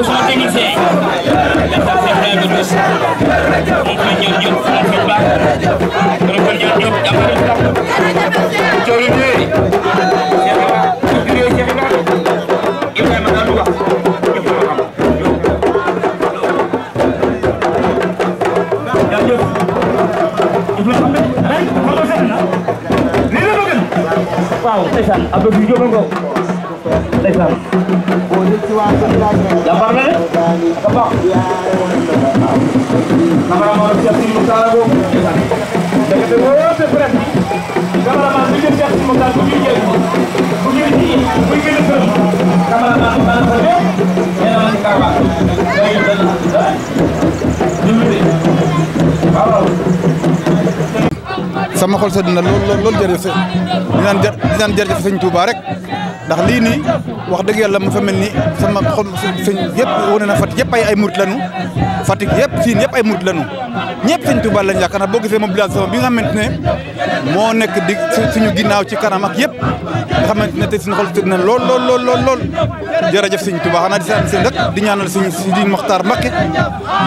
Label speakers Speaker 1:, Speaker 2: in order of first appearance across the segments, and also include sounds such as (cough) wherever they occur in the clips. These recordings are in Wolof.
Speaker 1: ko suma technicien
Speaker 2: Wow, Tesan, abis video kan
Speaker 1: Tesan. Gambar
Speaker 3: sama xol sedd na lool lool lool jërëjëf di naan jërëjëf sëñ Touba ndax
Speaker 2: lii nii wax dëgg yàlla mu fa mel ni sama xol sëñ yëpp wane na Fatick yëpp ay ay murit lañu Fatick yëpp siin yëpp ay murit lañu ñëpp sëñ Touba lañu yaakaar boo gisee mobilisation bi nga xamante ne moo nekk di suñu ginnaaw ci kanam ak yëpp nga xamante ne te suñu xol tëdd na lool lool lool lool lool jërëjëf sëñ Touba xanaa di saan seen rek di ñaanal sëñ Sidi Mokhtar Mbacké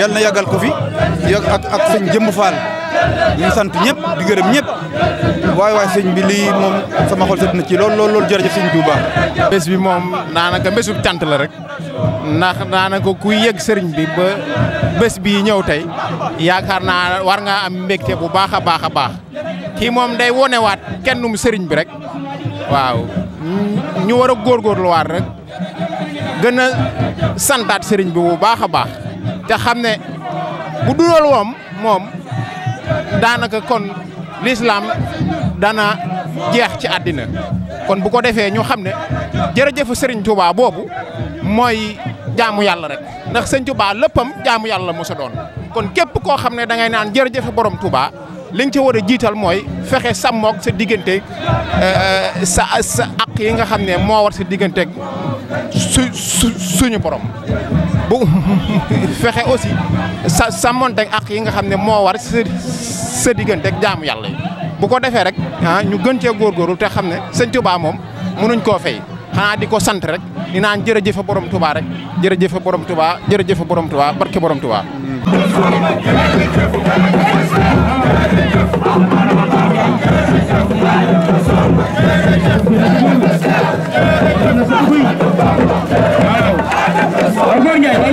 Speaker 2: yàlla na yàggal ko fi ak ak sëñ Jëmb Fall ñu sant ñep di gërëm
Speaker 3: ñep way way sëñ bi li mom sama xol sedd na ci lool lool lool jërëjëf sëñ Touba. bës bi mom nanaka mësu tant la rek ndax nanaka kuy yegg sëriñ bi ba bës bi ñëw tay yaakar na war nga am mbékté bu baaxa baaxa baax ki mom day woné day bi rek waaw ñu gor lu war rek gëna santat bi bu baaxa baax te xamné ne bu dul wam mom daanaka kon lislaam dana jeex ci àddina kon bu ko defee ñoo xam ne jërëjëfu sëriñ Touba boobu mooy jaamu yàlla rek ndax Serigne Touba léppam jaamu yàlla mosa doon kon képp koo xam ne da ngay naan jërëjëf borom Touba li nga ca war a jiital mooy fexe sàmmoog sa diggante euh, sa sa ak yi nga xam ne moo war sa digganteeg su suñu borom. bu (laughs) fexe aussi sa sàmmonteeg ak yi nga xam ne moo war sa sa digganteeg jaamu yàlla bu ko defee rek ah ñu gën cee góorgóorlu te xam ne sëñ Touba moom mënuñ koo fay xanaa di ko sant rek di naan jërëjëf borom Touba rek jërëjëf borom Touba jërëjëf borom Touba barke borom Touba.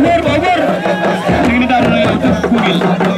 Speaker 1: wër wër wër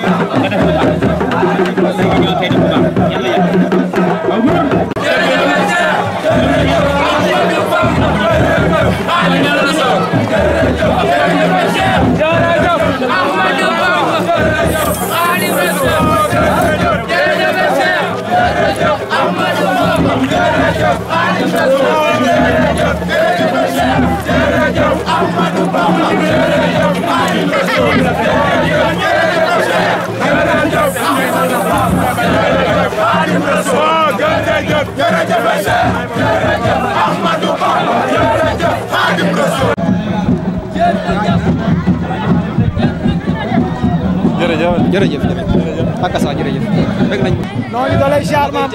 Speaker 3: jërëjëf jërëjëf ak sa jërëjëf bëgg nañ noonu da
Speaker 4: lay ziar maam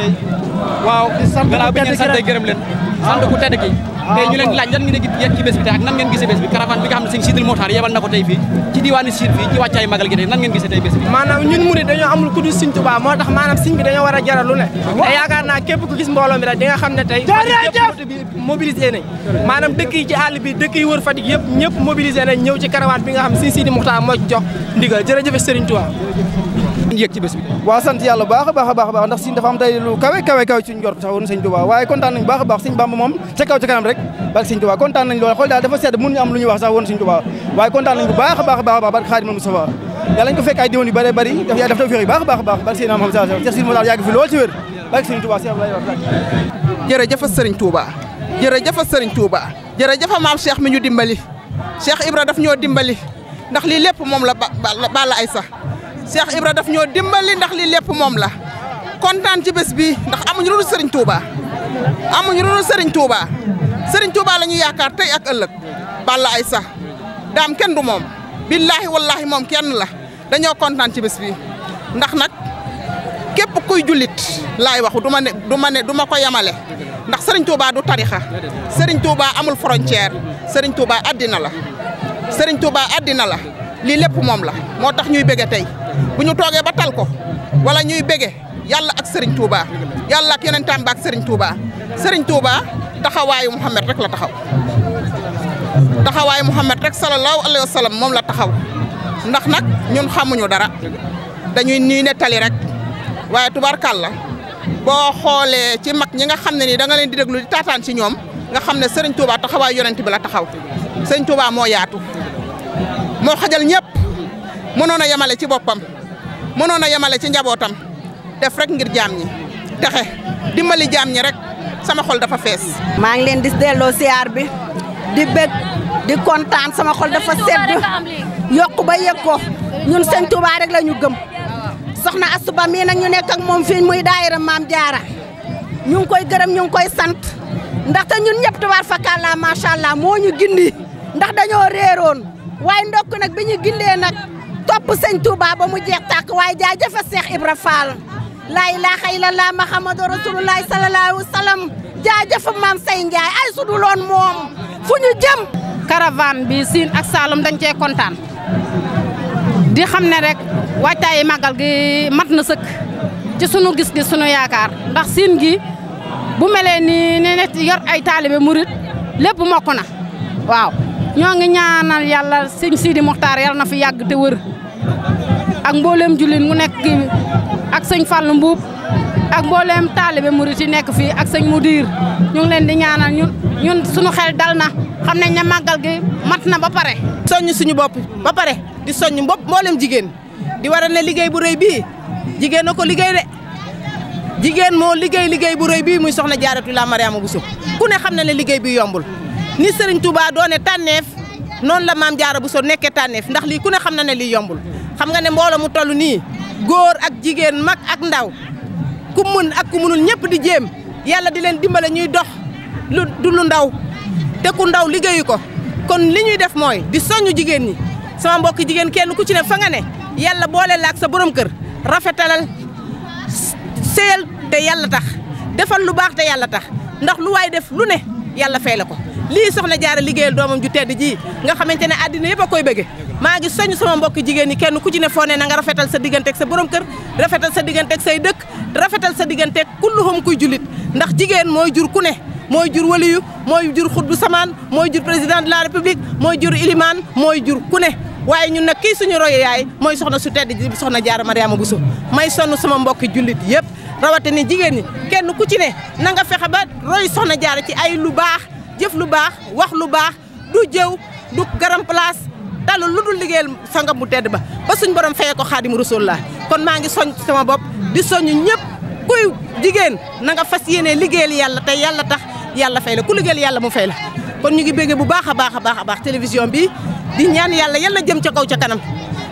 Speaker 4: waaw di sant gannaaw bi ngeen sante gërëm leen ah. sant ku tedd ki ah. tey ñu leen di laaj lan ngeen di yéen ci bés bi tey ak nan ngeen gisee bés bi caravane bi nga xam ne sëñ Sidil Mokhtar yebal na ko tey fii diwaanu Sine fii ci wàccaay magal gi tey nan ngeen gisee tey bés bi maanaam ñun murid dañoo amul ku dul moo tax maanaam sëñ bi dañoo war a jaral lu ne ah, te yaakaar naa képp ku gis mbooloo mi rek di nga xam ne tey bi mobilisé nañ maanaam dëkk yi ci àll bi dëkk yi wër Fatick yëpp ñëpp mobilisé nañ ñëw ci caravane bi nga xam Sëñ Sidi Muxtaar moo ci
Speaker 2: jox
Speaker 3: ndigal Sëriñ Tuubaa yëg ci bés bi
Speaker 2: waaw sant a baax a a baax ndax sin dafa am tey lu kawe kawe a baax sëñ Bamba moom a baax a baax a baax barke Xaadimal
Speaker 1: Mustafa yàlla ñu ko fekk ay diwoon yu bëree bëri daf yaa taw féex baax a baax a baax barke sëñ Muhammad sallallahu alayhi wasallam sëñ Muhammad yàgg fi lool ci wér barke sëñ Touba Cheikh Ibrahima jërëjëf maam Cheikh mi ñu dimbali Cheikh Ibra daf ñoo dimbali ndax lii lépp moom la bala ay Cheikh Ibra daf ñoo dimbali ndax li lépp moom la kontaan ci bés bi ndax amuñu lu sëriñ Serigne amuñu lu dul Serigne Touba Serigne Touba la ñuy yaakaar tey ak ëllëg Balla ay sax daam kenn du moom billaahi wallaahi moom kenn la dañoo kontaan ci bés bi ndax nag képp kuy jullit laay waxu du ma ne du ma ne duma ko yemale ndax Serigne Touba du tarixa Serigne Touba amul frontière Serigne Touba addina la sëriñ Touba addina la. lii lépp moom la moo tax ñuy bége tey bu ñu toogee ba tal ko wala ñuy bége yàlla ak Serigne Touba yàlla ak yeneen tàmba ak Serigne Touba Serigne Touba taxawaayu Mouhamed rek la taxaw taxawaayu Mouhamed rek sallallahu alayhi wa sallam moom la taxaw ndax nag ñun xamuñu dara dañuy nii nettali rek waaye tubaar tubarkàlla boo xoolee ci mag ñi nga xam ne nii da leen di déglu di taataan ci ñoom nga xam ne Serigne Touba taxawaayu yonent bi la taxaw Serigne Touba moo yaatu. moo xajal ñëpp mënoon a yemale ci boppam mënoon a yemale ci njabootam def rek ngir jaam ñi
Speaker 4: texe dimbali jaam ñi rek sama xol dafa fees. maa ngi leen di delloo siyaar bi di bëgg di kontaan sama xol dafa sedd yokk ba yëg ko ñun sëñ Touba rek la ñu gëm soxna Astou Ba mii nag ñu nekk ak moom fii muy daayira maam jaara ñu ngi koy gërëm ñu ngi koy sant ndax ndaxte ñun ñëpp tubaar fakkaala macha allah moo ñu gindi ndax dañoo réeroon. waaye ndokk nag bi ñu gindee nag topp sëñ Touba ba mu jeex tàkk waaye jaajëfa Cheikh Ibra Fall laa ilaaha illallah Muhammadu rasulullah sallallahu alayhi wa sallam jaajëfa maam say Ndiaye ay su moom fu ñu jëm. caravane bi Sine ak Saloum dañ cee kontaan di xam ne rek waajtaayu màggal gi mat na sëkk ci sunu gis-gis sunu yaakaar ndax Sine gi bu melee ni ne yor ay taalibe murit lépp mokk na waaw. ñoo ñaanal yalla sëñ Sidi Mokhtar yalla na fi yag te wër ak mbollem julline mu nek ak fallu mbub ak mbollem talibé mouride nek fi ak Mudir ñu ngi leen di ñaanal ñun ñun suñu xel dalna xamnañ ne magal gi matna ba paré soñu suñu bop ba paré di soñu mbop mbollem jigen di waral ne bu reuy bi jigen na ko de jigen mo liggéey ligay bu reuy bi muy soxna jaaratu la Mariama Bousso ku ne xamna ne bi yombul. ni Serigne Touba doone tànneef noonu la maam Jaara Buso nekkee tànneef ndax lii ku ne xam na ne lii yombul xam nga ne mbooloo mu toll nii góor ak jigéen mag ak ndaw ku mën ak ku mënul ñëpp di jéem yàlla di leen dimbale ñuy dox lu du lu ndaw te ku ndaw liggéeyu ko kon li ñuy def mooy di soññu jigéen ñi sama mbokki jigéen kenn ku ci ne fa nga ne yàlla boole la sa borom kër rafetalal séyal te yàlla tax defal lu baax te yàlla tax ndax lu waay def lu ne yàlla fay la ko li soxna jaara liggéeyal doomam ju tedd ji nga xamante ne àddina yëpp a koy bëgge maa ngi soññ sama mbokki jigéen ñi kenn ku ci ne foo na nga rafetal sa diggante sa borom kër rafetal sa diggante say dëkk rafetal sa diggante ak kuy jullit ndax jigéen mooy jur ku ne mooy jur waliyu mooy jur xutbu samaan mooy jur président de la république mooy jur ilimaan mooy jur ku ne waaye ñun nag kii suñu royo yaay mooy soxna su tedd ji soxna jaara mariama buso may sonn sama mbokki jullit yëpp rawatina jigéen ñi kenn ku ci ne na nga fexe ba roy soxna jaara ci ay lu baax jëf lu baax wax lu baax du jëw du garam place dal lu dul liggéeyal sangam bu tedd ba ba suñ borom fayé ko khadim rasulullah kon maa ngi soñ sama bopp di soñu ñëpp kuy jigéen na nga fas yéene liggéeyal yàlla tey yàlla tax yàlla fay la ku liggéeyal yàlla mu fay la kon ñu ngi bégge bu baax a baax a baax a baax télévision bi di ñaan yàlla yal jëm ca kaw ca kanam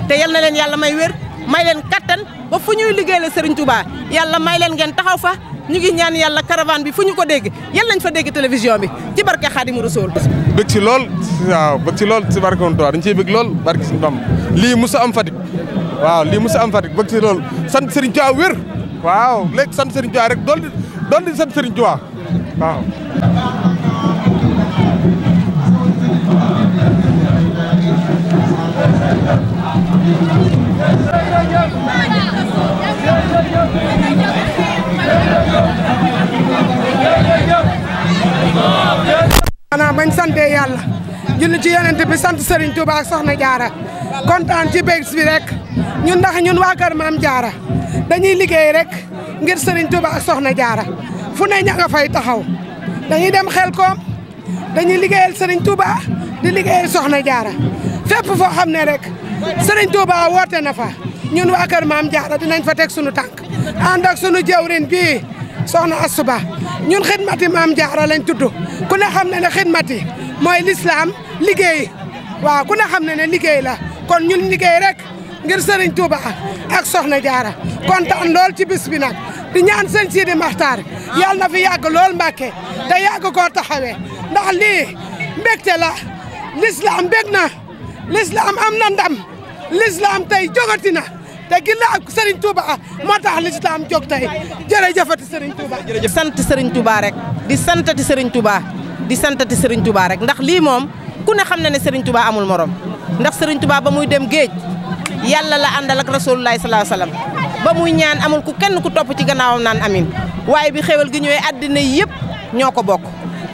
Speaker 4: te yal na leen yàlla may wér may leen kattan ba fu ñuy Serigne Touba yàlla may leen ngeen taxaw fa ñu ngi ñaan yàlla caravane bi fu ñu ko dégg yal nañ fa dégg télévision bi ci barke Xaadimu Rasuul
Speaker 3: bëgg si lool waaw bëgg si lool si barke woon tuwaa dañ ciy bëgg lool barke suñu Bàmb lii musa am Fatick waaw lii musa am Fatick bëgg si lool sant Serigne Touba wér waaw léegi sant Serigne Touba rek dool di dool di
Speaker 4: xanaa bañ sante yàlla julli ci yonent bi sant Serigne Touba ak Soxna Jaara kontaan ci bés bi rek ñun ndax ñun waa kër Maam Jaara dañuy liggéey rek ngir Serigne Touba ak Soxna Jaara fu ne ña fay taxaw dañuy dem xel koom dañuy liggéeyal sëriñ Touba di liggéeyal Soxna Jaara fépp foo xam ne rek Serigne Touba woote na fa ñun waa kër Maam Jaara dinañ fa teg sunu tànk ànd ak sunu jawrin bii Soxna Asuba ñun xidmati Maam Jaara lañ tudd كنا حمنا خدمتي موي الاسلام ليغي وا كنا حمنا ليغي لا كون نيل ليغي رك غير سيرن توبا اك سخنا جارا كون تان لول تي بيس بي نا دي نان سن سيدي مختار يالنا في ياك لول ماكي دا ياك كو تخاوي ndax li mbekté la l'islam bekna l'islam amna ndam l'islam tay jogatina te ginnaaw ak Serigne Touba ah, moo tax lislaam jóg tey jërëjëfati Serigne Touba. jërëjëf sant Serigne Touba rek di santati Serigne Touba di santati Serigne Touba rek ndax lii moom ku ne xam na ne Serigne Touba amul morom ndax Serigne tubaa ba muy dem géej yàlla la àndal ak rasulullahi sallallahu alayhi wasallam ba muy ñaan amul ku kenn ku topp ci gannaawam naan amin waaye bi xewal gi ñëwee àddina yëpp ñoo ko bokk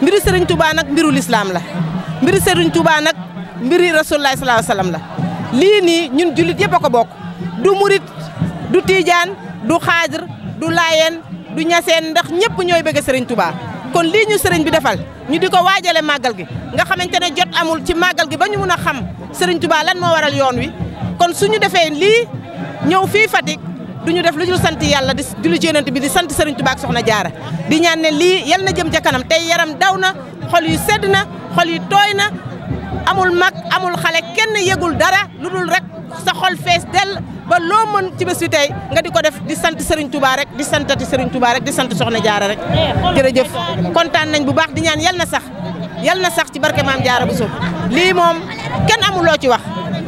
Speaker 4: mbiru Serigne tubaa nag mbiru lislaam la mbiru Serigne Touba nag mbiri rasulullahi sallallahu alayhi wasallam la li nii ñun jullit yëpp a ko bokk. du murit du tidiane du khadir du layen du ñaseen ndax ñepp ñoy bëgg serigne Touba kon li ñu serigne bi defal ñu diko wajale magal gi nga xamantene jot amul ci magal gi ba ñu xam serigne Touba lan mo waral yoon wi kon suñu defé li ñew fi fatik duñu def luñu sant yalla di julli ci bi di sant serigne Touba ak soxna jaara di ñaan ne li yalla na jëm ci kanam tay yaram dawna xol yu sedna xol yu toyna amul mak, amul xalé kenn yegul dara lu rek sa xol fess del ba lo mën ci bes bi tay nga diko def di sante Serigne Touba rek di santati Serigne Touba rek di sante Soxna Jaara rek jeuf contane nañ bu baax di ñaan yal na sax yal na sax ci barke maam Jaara bu suuf li mom ken amul lo ci wax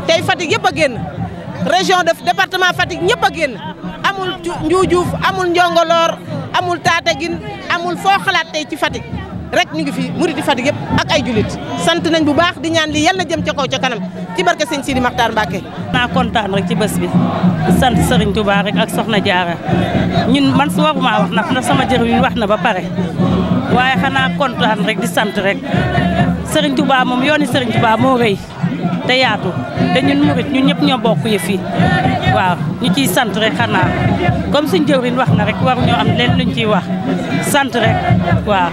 Speaker 4: tay Fatick yëpp a région de département Fatick ñëpp a amul Njuujuuf amul Njongoloor amul gin amul fo xalat tay ci Fatick rek ñu ngi fi muridi Fatick yëpp ak ay julit sant nañ bu baax di ñaan li yal na jëm ca ca kanam ci barke sëñ Sidi Maxtaar Mbàkke naa kontaan rek ci bés bi sant Serigne baax rek ak Soxna Jaara ñun man su waruma wax nag na sama jër wi wax na ba pare waaye xanaa kontaan rek di sant rek Serigne Touba moom yooni Serigne baa moo rëy te yaatu te ñun murit ñun ñëpp ñoo bokk yëf yi waaw ñu ci sant rek xanaa comme suñ jëwriñ wax na rek waruñoo am leen luñ ciy wax sant rek waaw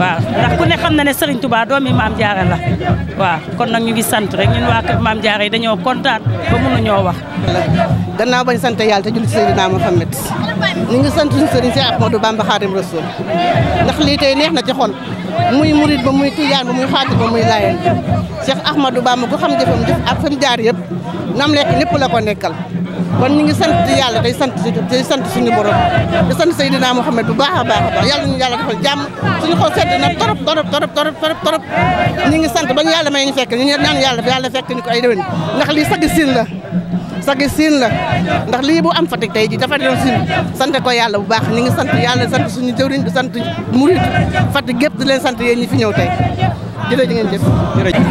Speaker 4: waaw ndax ku ne xam na ne sëriñ Touba doomi Maam Jaara la waaw kon nag ñu ngi sant rek ñun waa kër Maam Jaara yi dañoo kontaan ba mënuñoo wax gannaaw bañ sant yàlla te julli ci Seydina Muhammad ñu ngi sant suñu Serigne Cheikh Ahmadou Bamba Khadim Rasoul ndax lii tey neex na ci muy murit ba muy tijaan ba muy xaadir ba muy laayeen Cheikh Ahmadou Bamba ku xam jëfam jëf ak fa mu jaar yëpp nam lekk lépp la ko nekkal kon ñu ngi sant yàlla tey sant si sant suñu borom di sant Seydina
Speaker 1: Mouhamed bu baax a baax a baax yàlla ñu yàlla defal jàmm suñu xol sedd na torop torop torop torop torop torop
Speaker 4: ñu ngi sant bañ yàlla may ñu fekk ñu ñaan yàlla yàlla fekk ñu ko ay déwén ndax lii sag la sagi siin la ndax lii bu am Fatick tey ji dafa doon siin sante ko yàlla bu baax ñi ngi sant yàlla sant suñu jëwriñ di sant murit Fatick gépp di leen sant yéen ñi fi ñëw tey
Speaker 1: jërëjëf ngeen jëf jërëjëf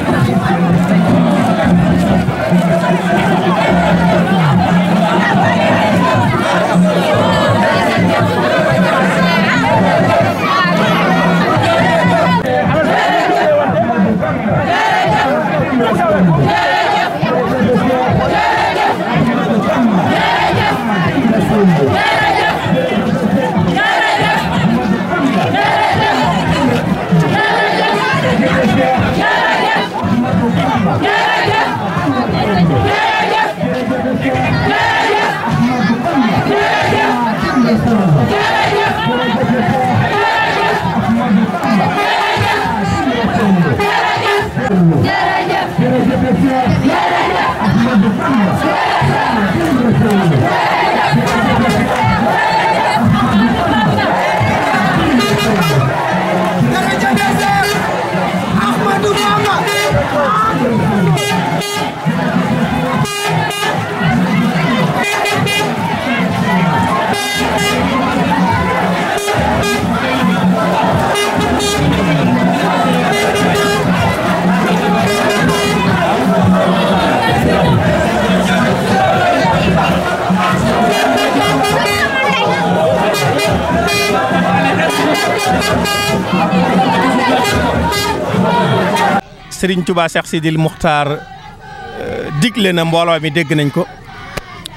Speaker 2: Serigne Touba Cheikh Sidil Muxtaar euh, digle na mbooloo mi dégg nañ ko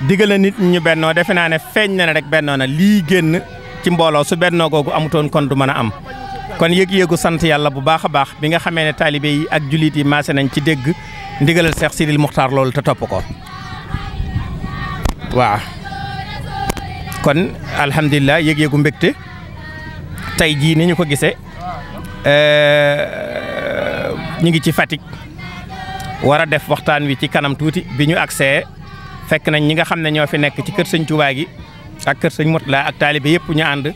Speaker 2: digale nit ñu bennoo defe naa ne feeñ na ne rek bennoo na lii génn ci mbooloo su bennoo googu amutoon kon du mën a am. kon yég yëgu sant yàlla bu baax a baax bi nga xamee ne taalibe yi ak jullit yi maase nañ ci dégg ndigalal Cheikh Sidil Muxtaar loolu te topp ko waaw. kon alhamdulilah yëg-yëgu mbégte tey jii ni ñu ko gise euh, ñi ngi ci fatik wara def waxtaan wi ci kanam tuuti bi ñu agsee fekk nañ ñi nga xamne ño fi nekk ci kër sëñ Touba gi ak kër sëñ Mourtala ak talibé yépp ñu and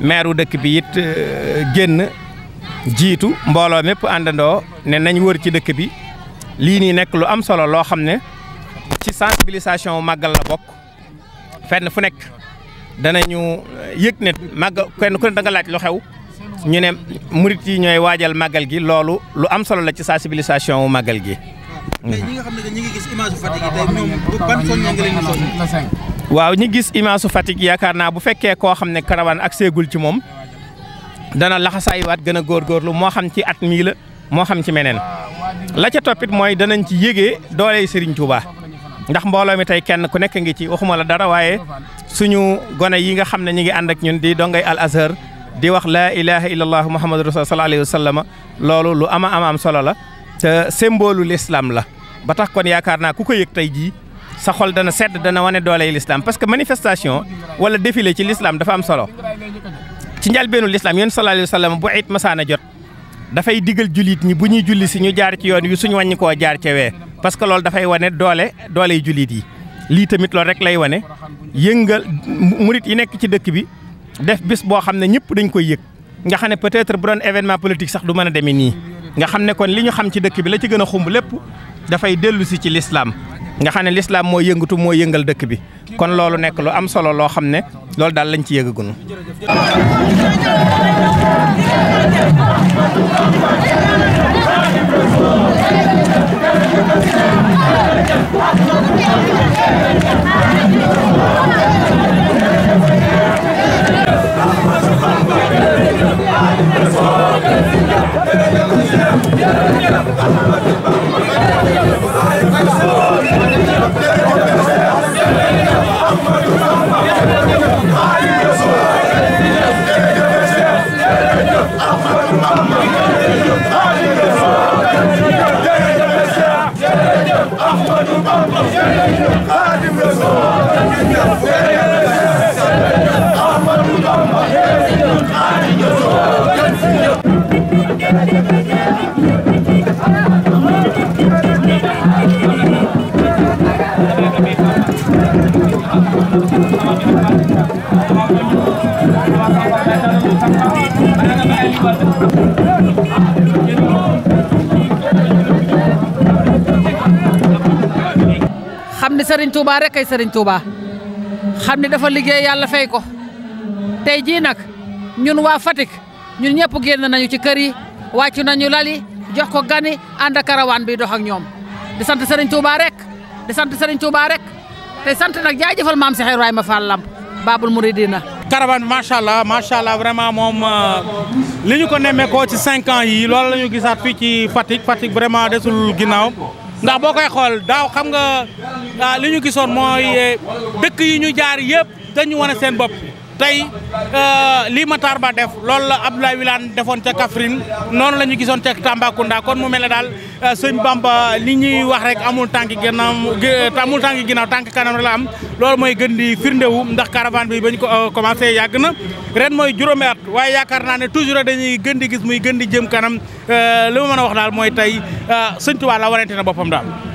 Speaker 2: maireu dëkk bi yitt euh, genn jitu mbolo mepp andando ne nañ wër ci dëkk bi li ni nekk lu am solo lo xamne ci sensibilisation magal la bok fenn fu nekk danañu euh, yek ne kenn ku ne da nga laaj lu xew ñu ne murit yi ñooy waajal màggal gi loolu lu am solo la ci sensibilisation wu màggal gi. waaw ñu gis image Fatick yi yaakaar naa bu fekkee koo xam ne karawaan ak seegul ci moom dana laxasaayuwaat gën a góorgóorlu moo xam ci at mii la moo xam ci meneen la ca toppit mooy danañ ci doole dooley Serigne Touba ndax mbooloo mi tey kenn ku nekk ngi ci waxuma la dara waaye suñu gone yi nga xam ne ñu ngi ànd ak ñun di dongay Al Azhar di wax laa ilaha illallah muhammadu rasul sallallahu alayhi wa sallam loolu lu ama ama am solo la te symbole l'islam la ba tax kon yaakaar naa ku ko yëg tey jii sa xol dana sedd dana wane doole l'islam parce que manifestation wala defile ci l'islam dafa am solo ci njëlbeenu l'islam yoon sallallahu alayhi wa sallam bu it masaana jot dafay digal jullit ñi bu ñuy julli si ñu jaar ci yoon wi suñu wàññi jaar ca wee parce que loolu dafay wane doole doole jullit yi lii tamit lool rek lay wane yëngal murit yi nekk ci dëkk bi def bis bo xamne ne dañ koy yek nga xamne peut-être bu done événement politique sax du mëna a ni nga xamne kon li ñu xam ci dëkk bi la ci gëna a xumb lépp dafay dellu ci l'islam nga xamne ne moy yëngutu moy yëngal dëkk bi kon loolu nek lu am solo lo xamne ne dal lañ ci Thank you.
Speaker 1: Ahmadu Bamba
Speaker 4: xam ni sëriñ Touba rek ay sëriñ Touba xam ni dafa liggéey yàlla fay ko tey jii nag ñun waa fatik ñun ñëpp génn nañu ci kër yi wàccu nañu lali jox ko gani ànd ak karawaan bi dox ak ñoom di sant Serigne Touba rek di sant Serigne Touba rek tey sant nag jaajëfal maam si xeer ma Fall Lamp Babul Mouridina. caravane macha
Speaker 2: allah macha allah vraiment moom euh, li ñu ko nemmeekoo ci cinq ans yi loolu la ñu gisaat fii ci Fatick Fatick vraiment desul ginnaaw ndax boo koy xool daaw xam nga euh, li ñu gisoon mooy euh, dëkk yi ñu jaar yëpp dañu wane seen bopp. tey euh, lii Matar Ba def loolu la Abdoulaye Wilane defoon ca Kaffrine noonu la ñu gisoon ca Tambacounda kon mu mel ne daal euh, sëñ Bamba li ñuy wax rek amul tànk ginnaaw euh, amul tànk ginnaaw tànk kanam la am loolu mooy gën di firndewu ndax caravane bi bañ ko commencé yàgg na ren mooy juróomi at waaye yaakaar naa ne toujours dañuy gën di gis muy gën di jëm kanam li ma mën a wax daal mooy tey sëñ Tuubaa la warante na boppam daal